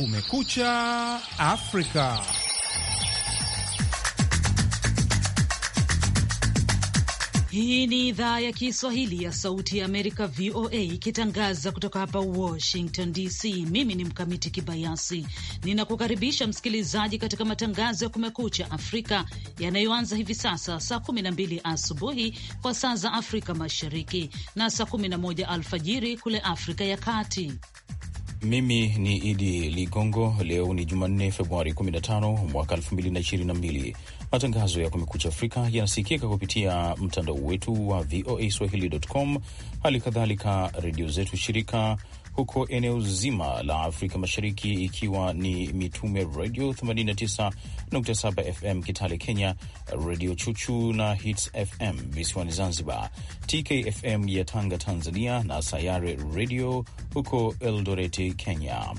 Kumekucha Afrika. Hii ni idhaa ya Kiswahili ya Sauti ya Amerika, VOA, ikitangaza kutoka hapa Washington DC. Mimi ni Mkamiti Kibayasi, ninakukaribisha msikilizaji katika matangazo ya Kumekucha Afrika yanayoanza hivi sasa saa 12 asubuhi kwa saa za Afrika Mashariki na saa 11 alfajiri kule Afrika ya Kati. Mimi ni Idi Ligongo. Leo ni Jumanne, Februari 15 mwaka 2022. Matangazo ya Kumekucha Afrika yanasikika kupitia mtandao wetu wa VOA swahili.com, hali kadhalika redio zetu shirika huko eneo zima la Afrika Mashariki, ikiwa ni Mitume Radio 89.7 FM Kitale Kenya, Radio Chuchu na Hits FM visiwani Zanzibar, TKFM ya Tanga Tanzania, na Sayare Radio huko Eldoreti Kenya.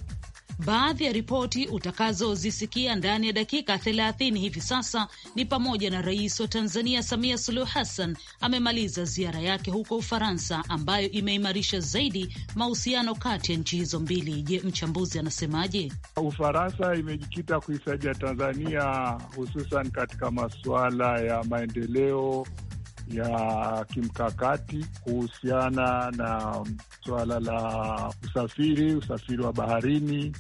Baadhi ya ripoti utakazozisikia ndani ya dakika 30 hivi sasa ni pamoja na rais wa Tanzania Samia Suluhu Hassan amemaliza ziara yake huko Ufaransa, ambayo imeimarisha zaidi mahusiano kati ya nchi hizo mbili. Je, mchambuzi anasemaje? Ufaransa imejikita kuisaidia Tanzania hususan katika masuala ya maendeleo ya kimkakati kuhusiana na suala la usafiri, usafiri wa baharini,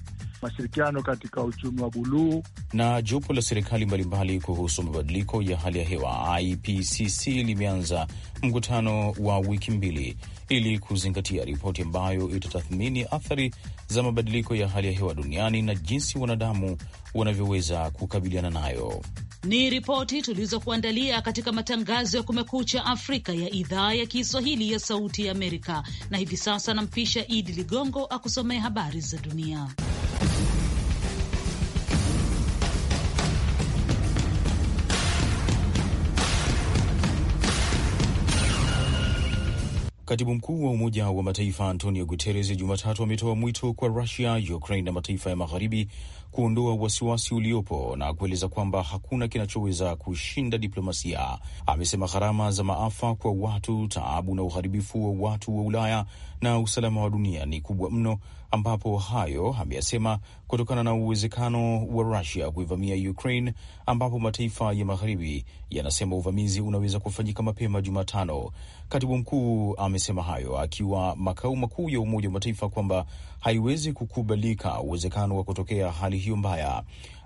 mashirikiano katika uchumi wa buluu na jopo la serikali mbalimbali kuhusu mabadiliko ya hali ya hewa IPCC limeanza mkutano wa wiki mbili ili kuzingatia ripoti ambayo itatathmini athari za mabadiliko ya hali ya hewa duniani na jinsi wanadamu wanavyoweza kukabiliana nayo ni ripoti tulizokuandalia katika matangazo ya Kumekucha Afrika ya idhaa ya Kiswahili ya Sauti ya Amerika, na hivi sasa nampisha Idi Ligongo akusomea habari za dunia. Katibu mkuu wa Umoja wa Mataifa Antonio Guterres Jumatatu ametoa mwito kwa Rusia, Ukraine na mataifa ya magharibi kuondoa wasiwasi uliopo na kueleza kwamba hakuna kinachoweza kushinda diplomasia. Amesema gharama za maafa kwa watu, taabu na uharibifu wa watu wa Ulaya na usalama wa dunia ni kubwa mno ambapo hayo ameyasema kutokana na uwezekano wa Rusia kuivamia Ukraine, ambapo mataifa ya magharibi yanasema uvamizi unaweza kufanyika mapema Jumatano. Katibu mkuu amesema hayo akiwa makao makuu ya Umoja wa Mataifa kwamba haiwezi kukubalika uwezekano wa kutokea hali hiyo mbaya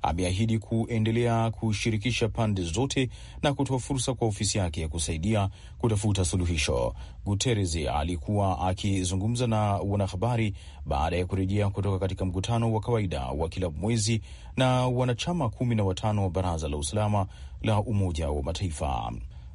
ameahidi kuendelea kushirikisha pande zote na kutoa fursa kwa ofisi yake ya kusaidia kutafuta suluhisho. Guterres alikuwa akizungumza na wanahabari baada ya kurejea kutoka katika mkutano wa kawaida wa kila mwezi na wanachama kumi na watano wa Baraza la Usalama la Umoja wa Mataifa.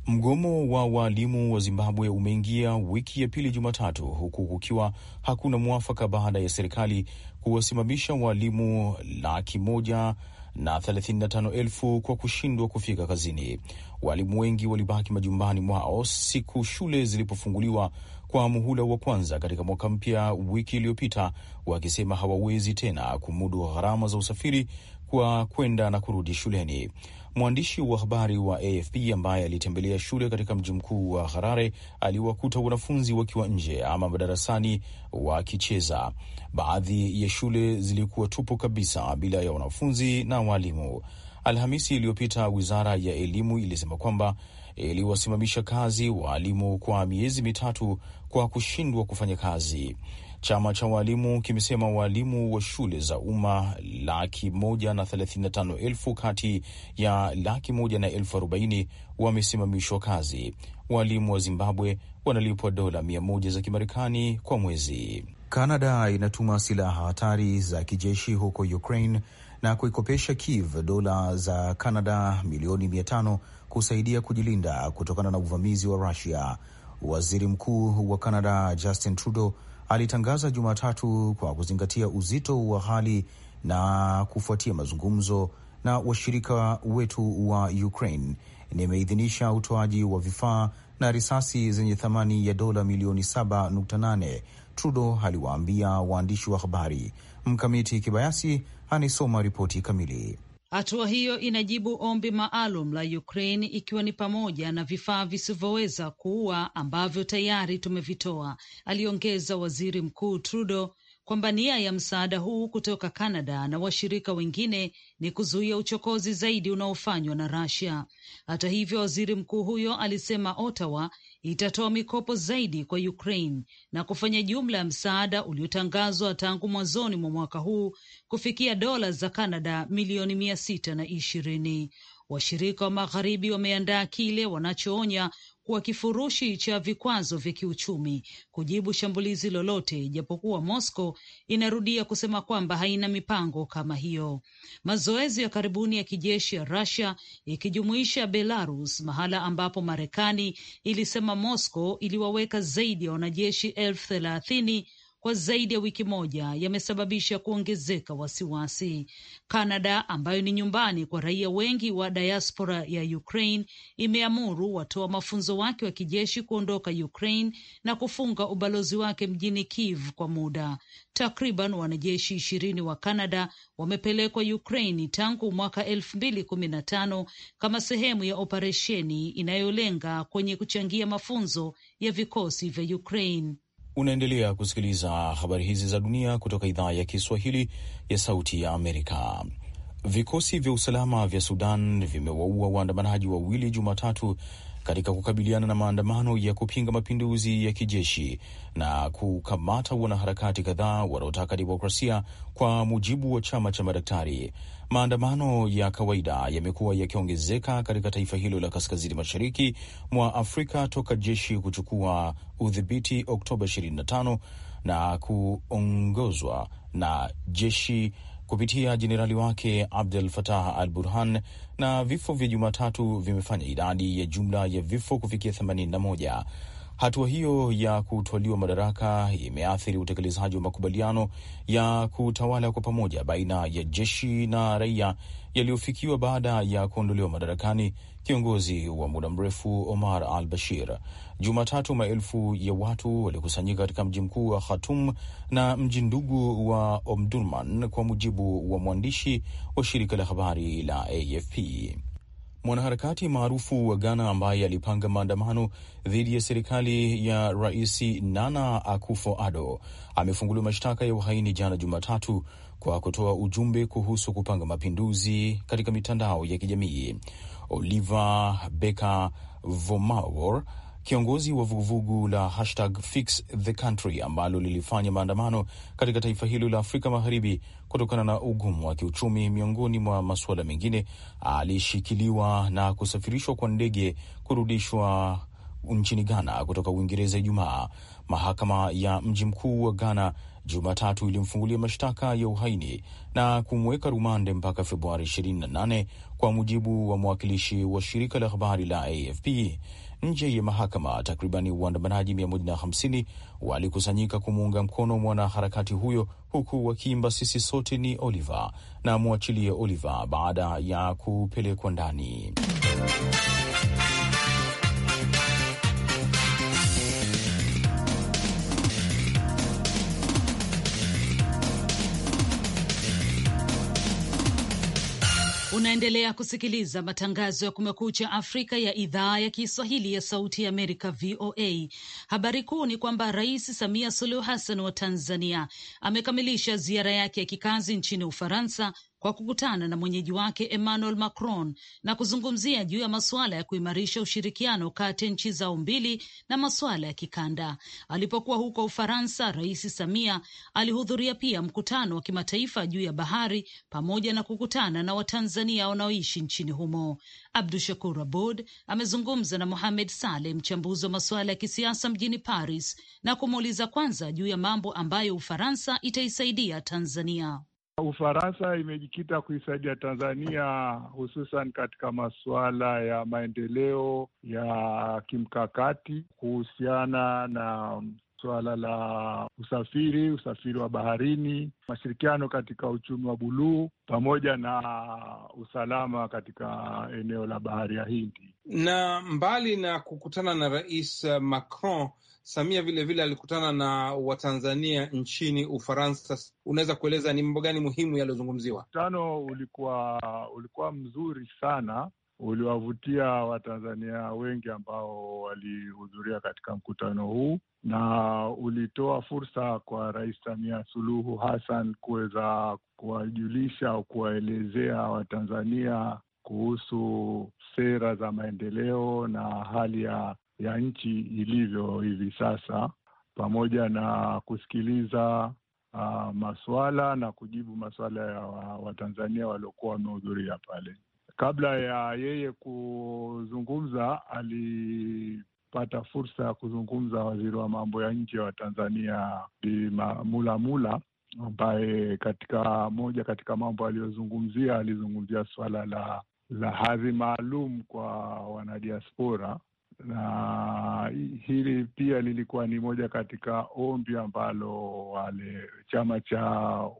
Mgomo wa waalimu wa Zimbabwe umeingia wiki ya pili Jumatatu, huku kukiwa hakuna mwafaka baada ya serikali kuwasimamisha waalimu laki moja na 35,000 kwa kushindwa kufika kazini. Walimu wengi walibaki majumbani mwao siku shule zilipofunguliwa kwa muhula wa kwanza katika mwaka mpya wiki iliyopita, wakisema hawawezi tena kumudu gharama za usafiri kwa kwenda na kurudi shuleni. Mwandishi wa habari wa AFP ambaye alitembelea shule katika mji mkuu wa Harare aliwakuta wanafunzi wakiwa nje ama madarasani wakicheza. Baadhi ya shule zilikuwa tupu kabisa bila ya wanafunzi na walimu. Alhamisi iliyopita wizara ya elimu ilisema kwamba iliwasimamisha kazi waalimu kwa miezi mitatu kwa kushindwa kufanya kazi. Chama cha waalimu kimesema waalimu wa shule za umma laki moja na thelathini na tano elfu kati ya laki moja na elfu arobaini wamesimamishwa kazi. Waalimu wa Zimbabwe wanalipwa dola mia moja za Kimarekani kwa mwezi. Kanada inatuma silaha hatari za kijeshi huko Ukraine na kuikopesha Kiev dola za Kanada milioni mia tano kusaidia kujilinda kutokana na uvamizi wa Rusia. Waziri Mkuu wa Kanada Justin Trudeau alitangaza Jumatatu kwa kuzingatia uzito wa hali na kufuatia mazungumzo na washirika wetu wa Ukraine, nimeidhinisha utoaji wa vifaa na risasi zenye thamani ya dola milioni 7.8, Trudeau aliwaambia waandishi wa habari. Mkamiti Kibayasi anaisoma ripoti kamili. Hatua hiyo inajibu ombi maalum la Ukraine ikiwa ni pamoja na vifaa visivyoweza kuua ambavyo tayari tumevitoa, aliongeza Waziri Mkuu Trudeau kwamba nia ya msaada huu kutoka Canada na washirika wengine ni kuzuia uchokozi zaidi unaofanywa na Russia. Hata hivyo, waziri mkuu huyo alisema Ottawa itatoa mikopo zaidi kwa Ukraine na kufanya jumla ya msaada uliotangazwa tangu mwanzoni mwa mwaka huu kufikia dola za Canada milioni mia sita na ishirini. Washirika wa magharibi wameandaa kile wanachoonya kuwa kifurushi cha vikwazo vya kiuchumi kujibu shambulizi lolote, japokuwa Moscow inarudia kusema kwamba haina mipango kama hiyo. Mazoezi ya karibuni ya kijeshi ya Russia ikijumuisha Belarus, mahala ambapo Marekani ilisema Moscow iliwaweka zaidi ya wanajeshi elfu thelathini kwa zaidi ya wiki moja yamesababisha kuongezeka wasiwasi. Kanada ambayo ni nyumbani kwa raia wengi wa diaspora ya Ukraine imeamuru watoa mafunzo wake wa kijeshi kuondoka Ukraine na kufunga ubalozi wake mjini Kiev kwa muda. Takriban wanajeshi ishirini wa Kanada wamepelekwa Ukraine tangu mwaka elfu mbili kumi na tano kama sehemu ya operesheni inayolenga kwenye kuchangia mafunzo ya vikosi vya Ukraine. Unaendelea kusikiliza habari hizi za dunia kutoka idhaa ya Kiswahili ya Sauti ya Amerika. Vikosi vya usalama vya Sudan vimewaua waandamanaji wawili Jumatatu katika kukabiliana na maandamano ya kupinga mapinduzi ya kijeshi na kukamata wanaharakati kadhaa wanaotaka demokrasia, kwa mujibu wa chama cha madaktari. Maandamano ya kawaida yamekuwa yakiongezeka katika taifa hilo la kaskazini mashariki mwa Afrika toka jeshi kuchukua udhibiti Oktoba 25 na kuongozwa na jeshi kupitia jenerali wake Abdel Fattah al Burhan, na vifo vya Jumatatu vimefanya idadi ya jumla ya vifo kufikia 81. Hatua hiyo ya kutwaliwa madaraka imeathiri utekelezaji wa makubaliano ya kutawala kwa pamoja baina ya jeshi na raia yaliyofikiwa baada ya kuondolewa madarakani kiongozi wa muda mrefu Omar al Bashir. Jumatatu, maelfu ya watu walikusanyika katika mji mkuu wa Khartoum na mji ndugu wa Omdurman, kwa mujibu wa mwandishi wa shirika la habari la AFP mwanaharakati maarufu wa Ghana ambaye alipanga maandamano dhidi ya serikali ya Rais Nana akufo ado amefunguliwa mashtaka ya uhaini jana Jumatatu kwa kutoa ujumbe kuhusu kupanga mapinduzi katika mitandao ya kijamii. Oliver beka Vomawor kiongozi wa vuguvugu la hashtag Fix the Country ambalo lilifanya maandamano katika taifa hilo la Afrika Magharibi kutokana na ugumu wa kiuchumi, miongoni mwa masuala mengine, alishikiliwa na kusafirishwa kwa ndege kurudishwa nchini Ghana kutoka Uingereza Ijumaa. Mahakama ya mji mkuu wa Ghana Jumatatu ilimfungulia mashtaka ya uhaini na kumweka rumande mpaka Februari 28 kwa mujibu wa mwakilishi wa shirika la habari la AFP nje ya mahakama. Takribani waandamanaji 150 walikusanyika kumuunga mkono mwanaharakati huyo, huku wakiimba sisi sote ni Oliver na mwachilie Oliver, baada ya kupelekwa ndani Unaendelea kusikiliza matangazo ya Kumekucha Afrika ya idhaa ya Kiswahili ya Sauti ya Amerika, VOA. Habari kuu ni kwamba Rais Samia Suluhu Hassan wa Tanzania amekamilisha ziara yake ya kikazi nchini Ufaransa kwa kukutana na mwenyeji wake Emmanuel Macron na kuzungumzia juu ya masuala ya kuimarisha ushirikiano kati ya nchi zao mbili na masuala ya kikanda. Alipokuwa huko Ufaransa, Rais Samia alihudhuria pia mkutano wa kimataifa juu ya bahari pamoja na kukutana na Watanzania wanaoishi nchini humo. Abdu Shakur Abud amezungumza na Mohamed Saleh, mchambuzi wa masuala ya kisiasa mjini Paris, na kumuuliza kwanza juu ya mambo ambayo Ufaransa itaisaidia Tanzania. Ufaransa imejikita kuisaidia Tanzania hususan katika masuala ya maendeleo ya kimkakati kuhusiana na suala la usafiri, usafiri wa baharini, mashirikiano katika uchumi wa buluu pamoja na usalama katika eneo la bahari ya Hindi. Na mbali na kukutana na Rais Macron Samia vilevile alikutana na Watanzania nchini Ufaransa. Unaweza kueleza ni mambo gani muhimu yaliyozungumziwa? Mkutano ulikuwa ulikuwa mzuri sana, uliwavutia Watanzania wengi ambao walihudhuria katika mkutano huu na ulitoa fursa kwa Rais Samia Suluhu Hassan kuweza kuwajulisha au kuwaelezea Watanzania kuhusu sera za maendeleo na hali ya ya nchi ilivyo hivi sasa, pamoja na kusikiliza uh, maswala na kujibu maswala ya Watanzania wa waliokuwa wamehudhuria pale. Kabla ya yeye kuzungumza, alipata fursa ya kuzungumza waziri wa mambo ya nje wa Tanzania Bi Mulamula, ambaye katika moja katika mambo aliyozungumzia alizungumzia swala la la hadhi maalum kwa wanadiaspora na hili pia lilikuwa ni moja katika ombi ambalo wale chama cha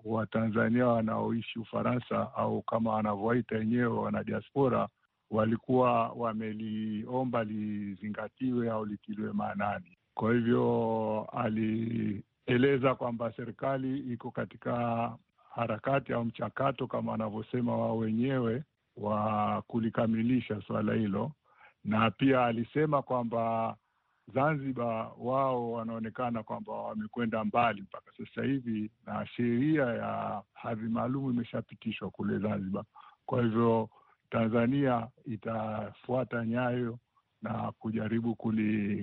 Watanzania wanaoishi Ufaransa au kama wanavyoita wenyewe diaspora walikuwa wameliomba lizingatiwe au litiliwe maanani. Kwa hivyo alieleza kwamba serikali iko katika harakati au mchakato kama wanavyosema wao wenyewe wa kulikamilisha suala hilo na pia alisema kwamba Zanzibar wao wanaonekana kwamba wamekwenda mbali mpaka sasa hivi, na sheria ya hadhi maalum imeshapitishwa kule Zanzibar. Kwa hivyo Tanzania itafuata nyayo na kujaribu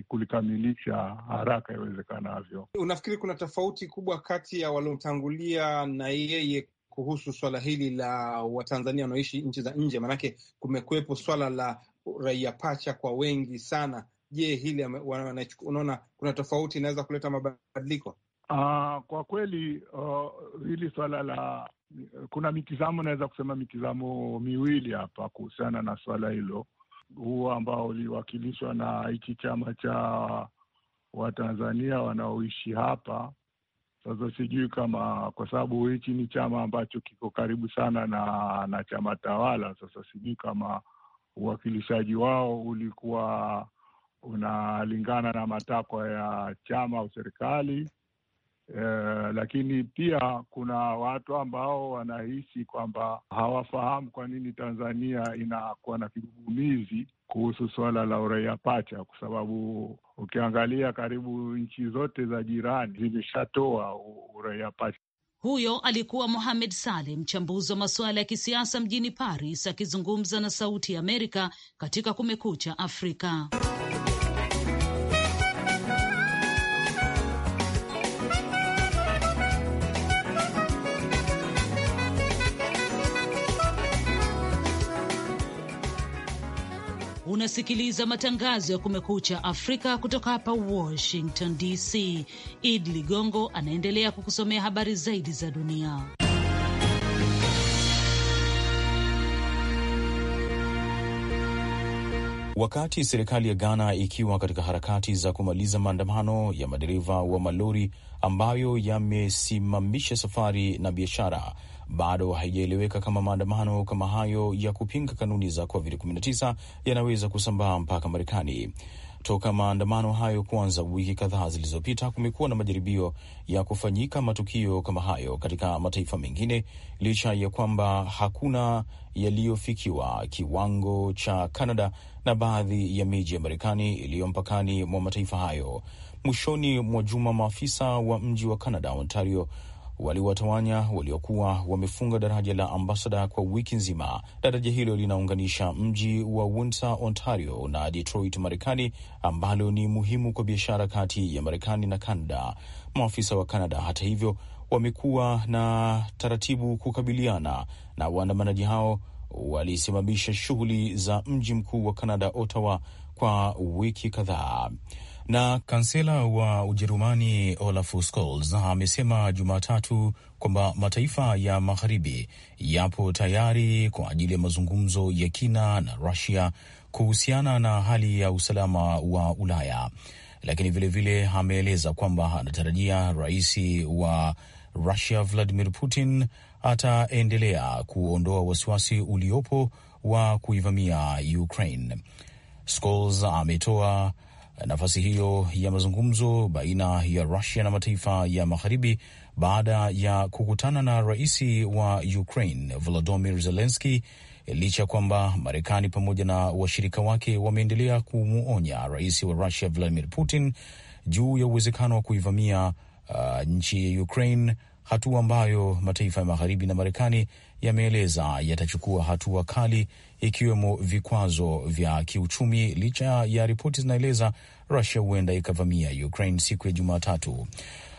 kulikamilisha haraka iwezekanavyo. Unafikiri kuna tofauti kubwa kati ya waliotangulia na yeye kuhusu swala hili la Watanzania wanaoishi nchi za nje? Maanake kumekuwepo swala la raia pacha kwa wengi sana. Je, hili unaona kuna tofauti inaweza kuleta mabadiliko? Uh, kwa kweli uh, hili swala la kuna mitizamo, naweza kusema mitizamo miwili hapa kuhusiana na swala hilo, huu ambao uliwakilishwa na hichi chama cha Watanzania wanaoishi hapa. Sasa sijui kama kwa sababu hichi ni chama ambacho kiko karibu sana na na chama tawala, sasa sijui kama uwakilishaji wao ulikuwa unalingana na matakwa ya chama au serikali. E, lakini pia kuna watu ambao wanahisi kwamba hawafahamu kwa nini Tanzania inakuwa na kigugumizi kuhusu suala la uraia pacha, kwa sababu ukiangalia karibu nchi zote za jirani zimeshatoa uraia pacha. Huyo alikuwa Mohamed Saleh, mchambuzi wa masuala ya kisiasa mjini Paris, akizungumza na Sauti ya Amerika katika Kumekucha Afrika. Unasikiliza matangazo ya Kumekucha Afrika kutoka hapa Washington DC. Id Ligongo anaendelea kukusomea habari zaidi za dunia. Wakati serikali ya Ghana ikiwa katika harakati za kumaliza maandamano ya madereva wa malori ambayo yamesimamisha safari na biashara, bado haijaeleweka kama maandamano kama hayo ya kupinga kanuni za COVID-19 yanaweza kusambaa mpaka Marekani. Toka maandamano hayo kuanza wiki kadhaa zilizopita, kumekuwa na majaribio ya kufanyika matukio kama hayo katika mataifa mengine, licha ya kwamba hakuna yaliyofikiwa kiwango cha Kanada na baadhi ya miji ya Marekani iliyo mpakani mwa mataifa hayo. Mwishoni mwa juma, maafisa wa mji wa Kanada Ontario waliwatawanya waliokuwa wamefunga daraja la Ambasada kwa wiki nzima. Daraja hilo linaunganisha mji wa Windsor, Ontario na Detroit, Marekani, ambalo ni muhimu kwa biashara kati ya Marekani na Kanada. Maafisa wa Kanada, hata hivyo, wamekuwa na taratibu kukabiliana na waandamanaji hao. Walisimamisha shughuli za mji mkuu wa Kanada, Ottawa, kwa wiki kadhaa. Na kansela wa Ujerumani Olaf Scholz amesema Jumatatu kwamba mataifa ya magharibi yapo tayari kwa ajili ya mazungumzo ya kina na Rusia kuhusiana na hali ya usalama wa Ulaya, lakini vilevile ameeleza kwamba anatarajia rais wa Rusia Vladimir Putin ataendelea kuondoa wasiwasi uliopo wa kuivamia Ukraine. Scholz ametoa nafasi hiyo ya mazungumzo baina ya Rusia na mataifa ya magharibi baada ya kukutana na rais wa Ukraine Volodymyr Zelensky, licha ya kwamba Marekani pamoja na washirika wake wameendelea kumwonya rais wa Rusia Vladimir Putin juu ya uwezekano wa kuivamia uh, nchi ya Ukraine hatua ambayo mataifa ya magharibi na Marekani yameeleza yatachukua hatua kali ikiwemo vikwazo vya kiuchumi, licha ya ripoti zinaeleza Rusia huenda ikavamia Ukraine siku ya Jumatatu.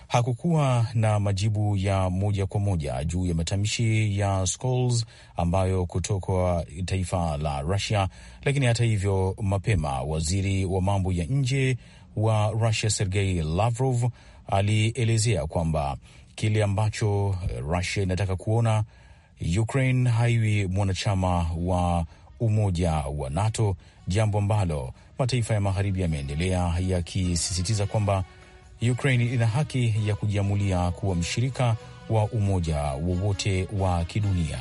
Hakukuwa na majibu ya moja kwa moja juu ya matamshi ya Scholz ambayo kutoka taifa la Rusia, lakini hata hivyo, mapema waziri wa mambo ya nje wa Rusia Sergei Lavrov alielezea kwamba kile ambacho eh, Rusia inataka kuona Ukraine haiwi mwanachama wa Umoja wa NATO, jambo ambalo mataifa ya magharibi yameendelea yakisisitiza kwamba Ukraine ina haki ya kujiamulia kuwa mshirika wa umoja wowote wa kidunia.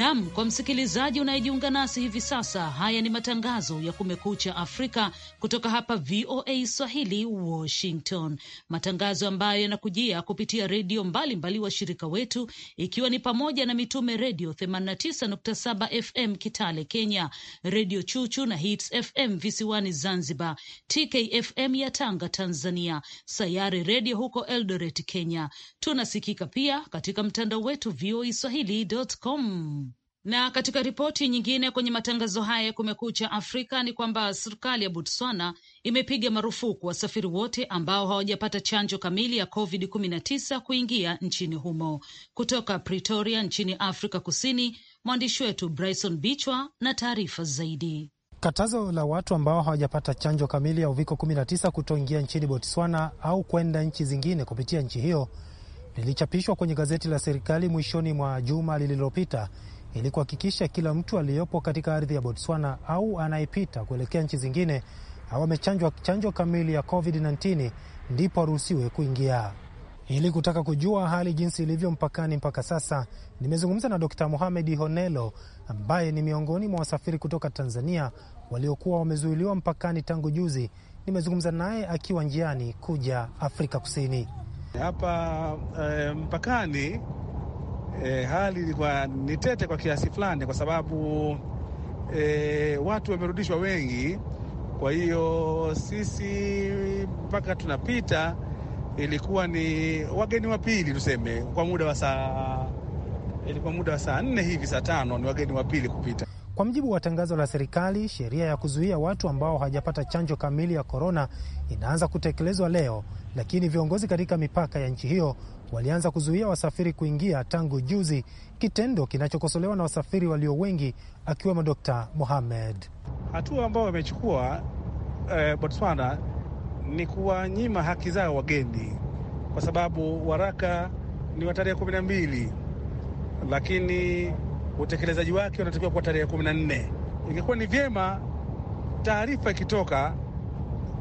Nam, kwa msikilizaji unayejiunga nasi hivi sasa, haya ni matangazo ya Kumekucha Afrika kutoka hapa VOA Swahili, Washington, matangazo ambayo yanakujia kupitia redio mbalimbali washirika wetu, ikiwa ni pamoja na Mitume Redio 89.7 FM Kitale Kenya, Redio Chuchu na Hits FM visiwani Zanzibar, TKFM ya Tanga Tanzania, Sayari Redio huko Eldoret Kenya. Tunasikika pia katika mtandao wetu voa swahili.com. Na katika ripoti nyingine kwenye matangazo haya ya Kumekucha Afrika ni kwamba serikali ya Botswana imepiga marufuku wasafiri wote ambao hawajapata chanjo kamili ya COVID-19 kuingia nchini humo. Kutoka Pretoria nchini Afrika Kusini, mwandishi wetu Bryson Bichwa na taarifa zaidi. Katazo la watu ambao hawajapata chanjo kamili ya uviko 19 kutoingia nchini Botswana au kwenda nchi zingine kupitia nchi hiyo lilichapishwa kwenye gazeti la serikali mwishoni mwa juma lililopita ili kuhakikisha kila mtu aliyopo katika ardhi ya Botswana au anayepita kuelekea nchi zingine au amechanjwa chanjo kamili ya COVID-19 ndipo aruhusiwe kuingia. Ili kutaka kujua hali jinsi ilivyo mpakani mpaka sasa, nimezungumza na Dr Mohamed Honelo ambaye ni miongoni mwa wasafiri kutoka Tanzania waliokuwa wamezuiliwa mpakani tangu juzi. Nimezungumza naye akiwa njiani kuja Afrika Kusini. Hapa eh, mpakani e, hali ilikuwa ni tete kwa kiasi fulani, kwa sababu e, watu wamerudishwa wengi. Kwa hiyo sisi mpaka tunapita ilikuwa ni wageni wa pili tuseme, kwa muda wa saa ilikuwa muda wa saa nne hivi saa tano ni wageni wa pili kupita. Kwa mujibu wa tangazo la serikali, sheria ya kuzuia watu ambao hawajapata chanjo kamili ya korona inaanza kutekelezwa leo, lakini viongozi katika mipaka ya nchi hiyo walianza kuzuia wasafiri kuingia tangu juzi, kitendo kinachokosolewa na wasafiri walio wengi akiwemo dk Mohamed. Hatua ambayo wamechukua eh, Botswana ni kuwanyima haki zao wageni, kwa sababu waraka ni wa tarehe kumi na mbili lakini utekelezaji wake unatakiwa kuwa tarehe kumi na nne. Ingekuwa ni vyema taarifa ikitoka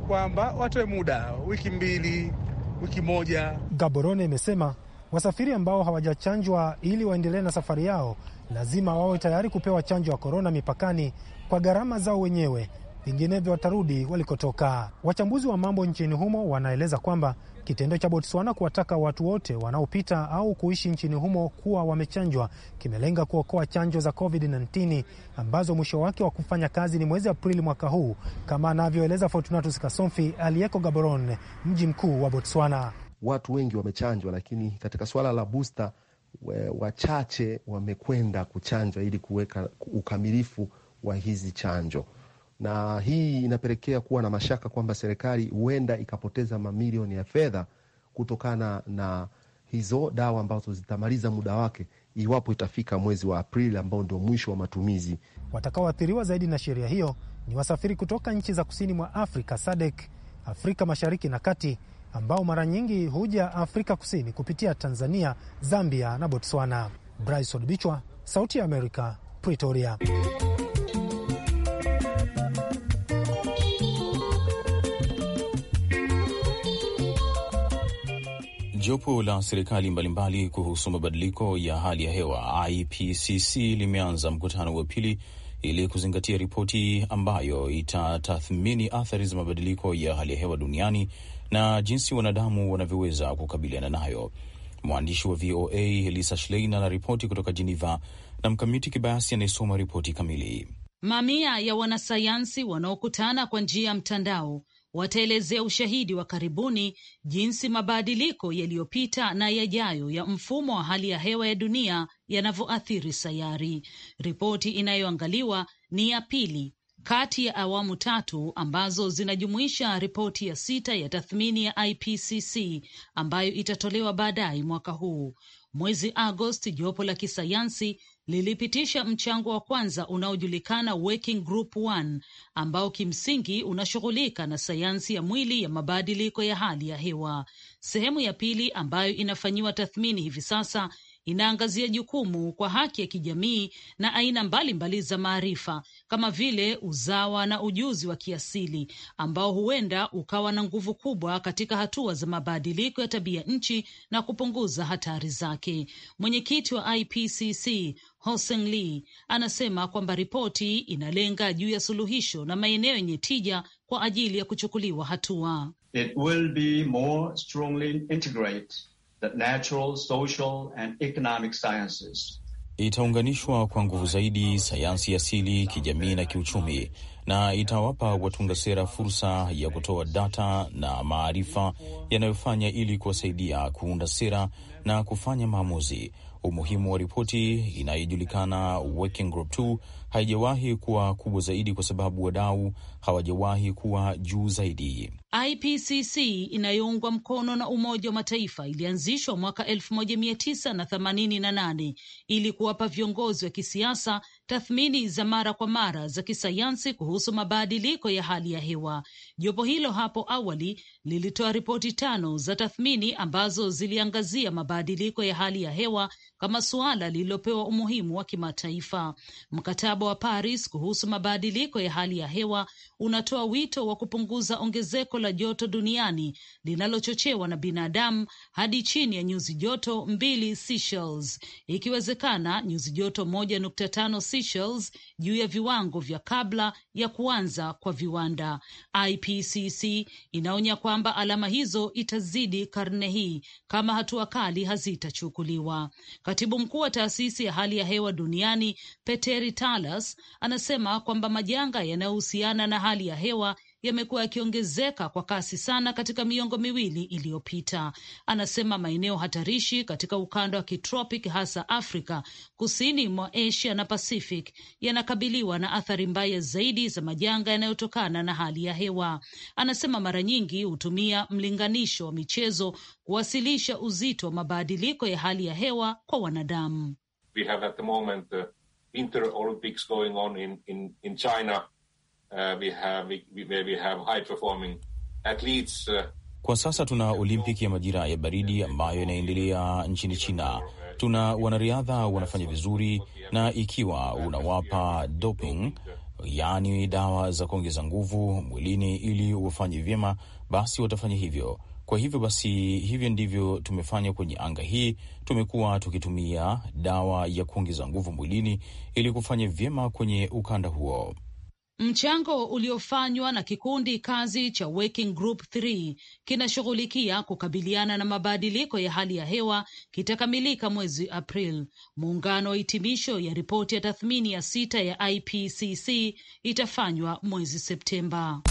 kwamba watoe muda wiki mbili wiki moja. Gaborone imesema wasafiri ambao hawajachanjwa ili waendelee na safari yao lazima wawe tayari kupewa chanjo ya korona mipakani kwa gharama zao wenyewe vinginevyo watarudi walikotoka. Wachambuzi wa mambo nchini humo wanaeleza kwamba kitendo cha Botswana kuwataka watu wote wanaopita au kuishi nchini humo kuwa wamechanjwa kimelenga kuokoa chanjo za COVID-19 ambazo mwisho wake wa kufanya kazi ni mwezi Aprili mwaka huu, kama anavyoeleza Fortunatus Kasomfi aliyeko Gaborone, mji mkuu wa Botswana. Watu wengi wamechanjwa, lakini katika suala la busta wachache wamekwenda kuchanjwa ili kuweka ukamilifu wa hizi chanjo na hii inapelekea kuwa na mashaka kwamba serikali huenda ikapoteza mamilioni ya fedha kutokana na hizo dawa ambazo zitamaliza muda wake iwapo itafika mwezi wa Aprili ambao ndio mwisho wa matumizi. Watakaoathiriwa zaidi na sheria hiyo ni wasafiri kutoka nchi za kusini mwa Afrika SADC, Afrika mashariki na kati, ambao mara nyingi huja Afrika kusini kupitia Tanzania, Zambia na Botswana. Bryson Bichwa, Sauti ya Amerika, Pretoria. Jopo la serikali mbalimbali kuhusu mabadiliko ya hali ya hewa IPCC limeanza mkutano wa pili ili kuzingatia ripoti ambayo itatathmini athari za mabadiliko ya hali ya hewa duniani na jinsi wanadamu wanavyoweza kukabiliana nayo. Mwandishi wa VOA Elisa Schlein anaripoti kutoka Jeneva na Mkamiti Kibayasi anayesoma ripoti kamili. Mamia ya wanasayansi wanaokutana kwa njia ya mtandao wataelezea ushahidi wa karibuni jinsi mabadiliko yaliyopita na yajayo ya mfumo wa hali ya hewa ya dunia yanavyoathiri sayari. Ripoti inayoangaliwa ni ya pili kati ya awamu tatu ambazo zinajumuisha ripoti ya sita ya tathmini ya IPCC ambayo itatolewa baadaye mwaka huu. Mwezi Agosti, jopo la kisayansi lilipitisha mchango wa kwanza unaojulikana Working Group 1 ambao kimsingi unashughulika na sayansi ya mwili ya mabadiliko ya hali ya hewa. Sehemu ya pili ambayo inafanyiwa tathmini hivi sasa inaangazia jukumu kwa haki ya kijamii na aina mbalimbali za maarifa kama vile uzawa na ujuzi wa kiasili ambao huenda ukawa na nguvu kubwa katika hatua za mabadiliko ya tabia nchi na kupunguza hatari zake. Mwenyekiti wa IPCC Hoseng Lee anasema kwamba ripoti inalenga juu ya suluhisho na maeneo yenye tija kwa ajili ya kuchukuliwa hatua It will be more the natural, social and economic sciences. Itaunganishwa kwa nguvu zaidi sayansi asili, kijamii na kiuchumi na itawapa watunga sera fursa ya kutoa data na maarifa yanayofanya ili kuwasaidia kuunda sera na kufanya maamuzi. Umuhimu wa ripoti inayojulikana Working Group 2 haijawahi kuwa kubwa zaidi kwa sababu wadau hawajawahi kuwa juu zaidi. IPCC inayoungwa mkono na Umoja wa Mataifa ilianzishwa mwaka 1988 ili kuwapa viongozi wa kisiasa tathmini za mara kwa mara za kisayansi kuhusu mabadiliko ya hali ya hewa. Jopo hilo hapo awali lilitoa ripoti tano za tathmini ambazo ziliangazia mabadiliko ya hali ya hewa kama suala lililopewa umuhimu wa kimataifa. Mkataba wa Paris kuhusu mabadiliko ya hali ya hewa unatoa wito wa kupunguza ongezeko la joto duniani linalochochewa na binadamu hadi chini ya nyuzi joto mbili Celsius, ikiwezekana nyuzi joto moja nukta tano Celsius juu ya viwango vya kabla ya kuanza kwa viwanda. IPCC inaonya kwa kwamba alama hizo itazidi karne hii kama hatua kali hazitachukuliwa. Katibu mkuu wa taasisi ya hali ya hewa duniani Peteri Talas anasema kwamba majanga yanayohusiana na hali ya hewa yamekuwa yakiongezeka kwa kasi sana katika miongo miwili iliyopita. Anasema maeneo hatarishi katika ukanda wa kitropic hasa Afrika kusini mwa Asia na Pacific, yanakabiliwa na athari mbaya zaidi za majanga yanayotokana na hali ya hewa. Anasema mara nyingi hutumia mlinganisho wa michezo kuwasilisha uzito wa mabadiliko ya hali ya hewa kwa wanadamu. We have at the moment, uh, Uh, we have, we, where we have high performing athletes. Uh, Kwa sasa tuna Olimpiki ya majira ya baridi ambayo inaendelea nchini China. Tuna wanariadha wanafanya vizuri, na ikiwa unawapa doping, yaani dawa za kuongeza nguvu mwilini ili wafanye vyema, basi watafanya hivyo. Kwa hivyo basi, hivyo ndivyo tumefanya kwenye anga hii. Tumekuwa tukitumia dawa ya kuongeza nguvu mwilini ili kufanya vyema kwenye ukanda huo. Mchango uliofanywa na kikundi kazi cha Working Group 3 kinashughulikia kukabiliana na mabadiliko ya hali ya hewa kitakamilika mwezi April. Muungano wa hitimisho ya ripoti ya tathmini ya sita ya IPCC itafanywa mwezi Septemba.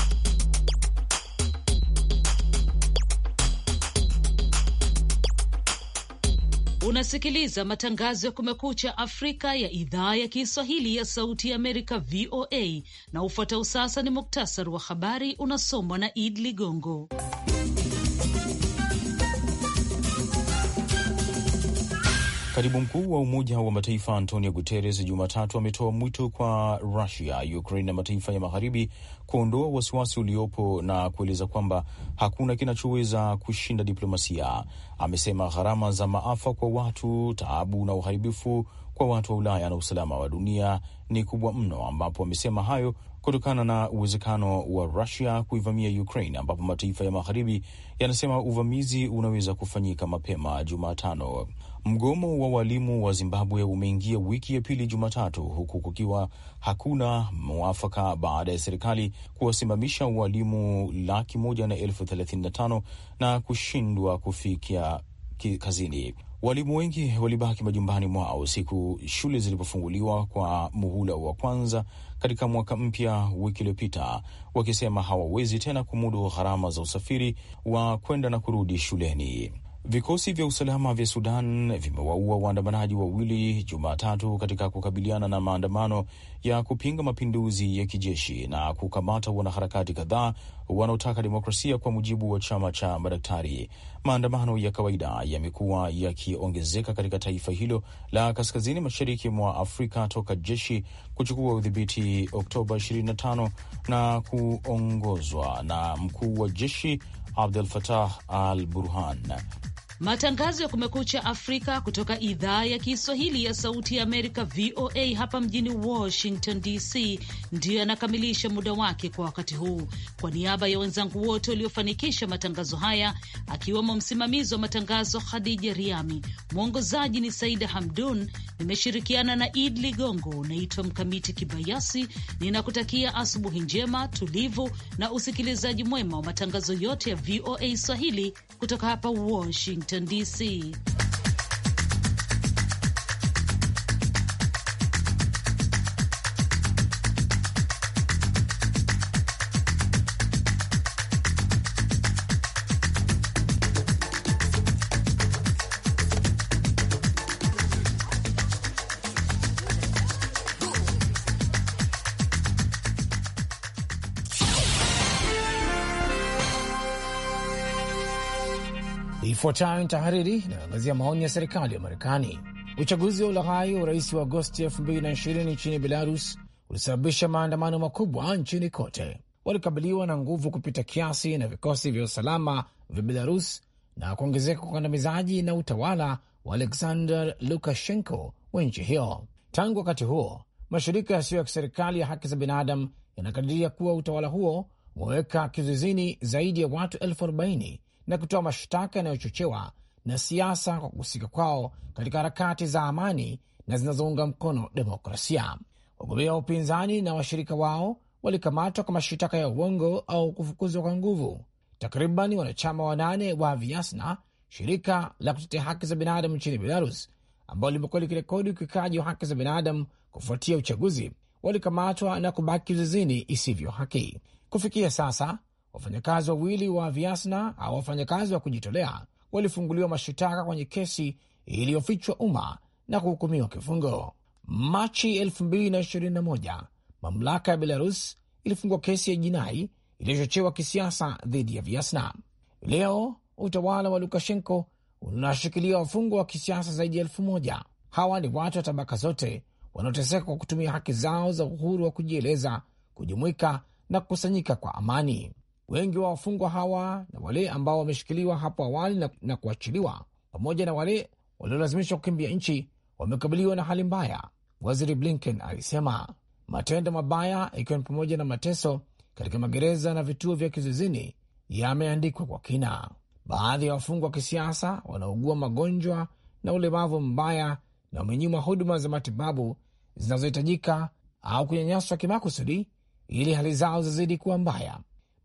Unasikiliza matangazo ya Kumekucha Afrika ya idhaa ya Kiswahili ya Sauti ya Amerika, VOA, na ufuatao sasa ni muktasari wa habari unasomwa na Id Ligongo. Katibu mkuu wa Umoja wa Mataifa Antonio Guterres Jumatatu ametoa mwito kwa Rusia, Ukraine na mataifa ya Magharibi kuondoa wasiwasi uliopo na kueleza kwamba hakuna kinachoweza kushinda diplomasia. Amesema gharama za maafa kwa watu, taabu na uharibifu kwa watu wa Ulaya na usalama wa dunia ni kubwa mno, ambapo amesema hayo kutokana na uwezekano wa Rusia kuivamia Ukraine, ambapo mataifa ya Magharibi yanasema uvamizi unaweza kufanyika mapema Jumatano. Mgomo wa walimu wa Zimbabwe umeingia wiki ya pili Jumatatu, huku kukiwa hakuna mwafaka baada ya serikali kuwasimamisha walimu laki moja na elfu thelathini na tano na kushindwa kufikia kazini. Walimu wengi walibaki majumbani mwao siku shule zilipofunguliwa kwa muhula wa kwanza katika mwaka mpya wiki iliyopita, wakisema hawawezi tena kumudu gharama za usafiri wa kwenda na kurudi shuleni. Vikosi vya usalama vya Sudan vimewaua waandamanaji wawili Jumatatu katika kukabiliana na maandamano ya kupinga mapinduzi ya kijeshi na kukamata wanaharakati kadhaa wanaotaka demokrasia, kwa mujibu wa chama cha madaktari. Maandamano ya kawaida yamekuwa yakiongezeka katika taifa hilo la kaskazini mashariki mwa Afrika toka jeshi kuchukua udhibiti Oktoba 25 na kuongozwa na mkuu wa jeshi Abdel Fattah al Burhan Matangazo ya Kumekucha Afrika kutoka idhaa ya Kiswahili ya Sauti ya Amerika, VOA, hapa mjini Washington DC, ndiyo yanakamilisha muda wake kwa wakati huu. Kwa niaba ya wenzangu wote waliofanikisha matangazo haya, akiwemo msimamizi wa matangazo Khadija Riami, mwongozaji ni Saida Hamdun, nimeshirikiana na Id Ligongo. unaitwa Mkamiti Kibayasi, ninakutakia asubuhi njema, tulivu na usikilizaji mwema wa matangazo yote ya VOA Swahili kutoka hapa Washington Washington, D.C. Ifuatayo ni tahariri inayoangazia maoni ya serikali ya Marekani. Uchaguzi wa ulaghai wa urais wa Agosti 2020 nchini Belarus ulisababisha maandamano makubwa nchini kote. Walikabiliwa na nguvu kupita kiasi na vikosi vya usalama vya Belarus na kuongezeka kwa ukandamizaji na utawala wa Alexander Lukashenko wa nchi hiyo. Tangu wakati huo, mashirika yasiyo ya kiserikali ya haki za binadamu yanakadiria kuwa utawala huo umeweka kizuizini zaidi ya watu elfu arobaini na kutoa mashtaka yanayochochewa na siasa kwa kuhusika kwao katika harakati za amani na zinazounga mkono demokrasia. Wagombea wa upinzani na washirika wao walikamatwa kwa mashitaka ya uongo au kufukuzwa kwa nguvu. Takriban wanachama wanane wa Viasna, shirika la kutetea haki za binadamu nchini Belarus, ambao limekuwa likirekodi ukiukaji wa haki za binadamu kufuatia uchaguzi, walikamatwa na kubaki zizini isivyo haki. Kufikia sasa Wafanyakazi wawili wa Viasna au wafanyakazi wa kujitolea walifunguliwa mashitaka kwenye kesi iliyofichwa umma na kuhukumiwa kifungo. Machi 2021 mamlaka ya Belarus ilifungua kesi ya jinai iliyochochewa kisiasa dhidi ya Viasna. Leo utawala wa Lukashenko unashikilia wafungwa wa kisiasa zaidi ya elfu moja. Hawa ni watu wa tabaka zote wanaoteseka kwa kutumia haki zao za uhuru wa kujieleza, kujumuika na kukusanyika kwa amani. Wengi wa wafungwa hawa na wale ambao wameshikiliwa hapo awali na, na kuachiliwa pamoja na wale waliolazimishwa kukimbia nchi wamekabiliwa na hali mbaya, waziri Blinken alisema. Matendo mabaya ikiwa ni pamoja na mateso katika magereza na vituo vya kizuizini yameandikwa kwa kina. Baadhi ya wafungwa wa kisiasa wanaugua magonjwa na ulemavu mbaya na wamenyimwa huduma za matibabu zinazohitajika au kunyanyaswa kimakusudi ili hali zao zizidi kuwa mbaya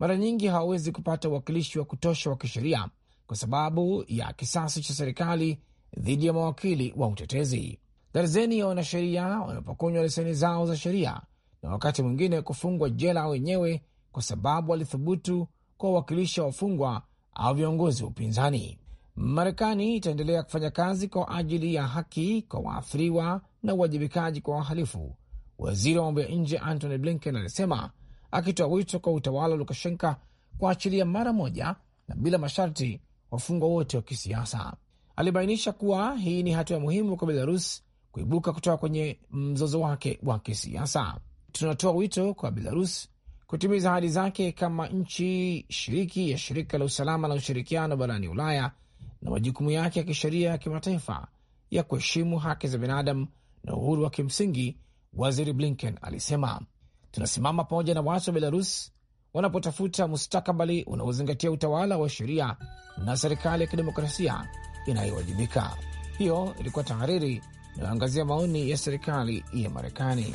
mara nyingi hawawezi kupata uwakilishi wa kutosha wa kisheria kwa sababu ya kisasi cha serikali dhidi ya mawakili wa utetezi. Darzeni ya wanasheria wamepokonywa leseni zao za sheria na wakati mwingine kufungwa jela wenyewe kwa sababu walithubutu kwa wawakilishi wa wafungwa au viongozi wa upinzani. Marekani itaendelea kufanya kazi kwa ajili ya haki kwa waathiriwa na uwajibikaji kwa wahalifu, waziri wa mambo ya nje Antony Blinken alisema akitoa wito kwa utawala wa Lukashenka kuachilia mara moja na bila masharti wafungwa wote wa kisiasa. Alibainisha kuwa hii ni hatua muhimu kwa Belarus kuibuka kutoka kwenye mzozo wake wa kisiasa. Tunatoa wito kwa Belarus kutimiza ahadi zake kama nchi shiriki ya shirika la usalama na ushirikiano barani Ulaya na majukumu yake ya kisheria ya kimataifa ya kuheshimu haki za binadamu na uhuru wa kimsingi, Waziri Blinken alisema. Tunasimama pamoja na watu wa Belarus wanapotafuta mustakabali unaozingatia utawala wa sheria na serikali ya kidemokrasia inayowajibika. Hiyo ilikuwa tahariri inayoangazia maoni ya serikali ya Marekani.